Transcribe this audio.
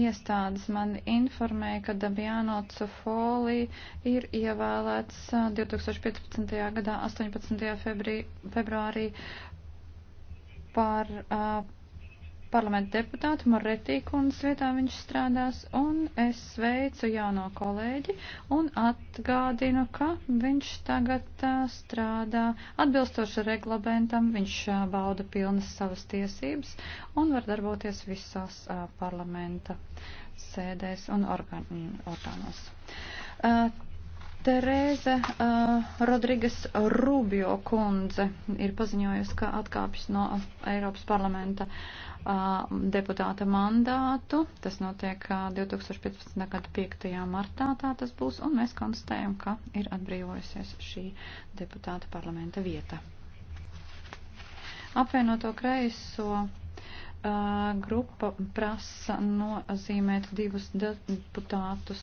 iestādes man informēja, ka Dabjāno Cofoli ir ievēlēts 2015. gadā 18. Febri, februārī par uh, parlamenta deputātu Moretī kundas vietā viņš strādās, un es sveicu jauno kolēģi un atgādinu, ka viņš tagad strādā atbilstoši reglamentam, viņš bauda pilnas savas tiesības un var darboties visās parlamenta sēdēs un organ organos. Uh, Terēze uh, Rodrigas Rubio kundze ir paziņojusi, ka atkāpjas no Eiropas parlamenta uh, deputāta mandātu. Tas notiek uh, 2015. gada 5. martā tā tas būs, un mēs konstatējam, ka ir atbrīvojusies šī deputāta parlamenta vieta. Apvienoto kreiso uh, grupa prasa nozīmēt divus deputātus.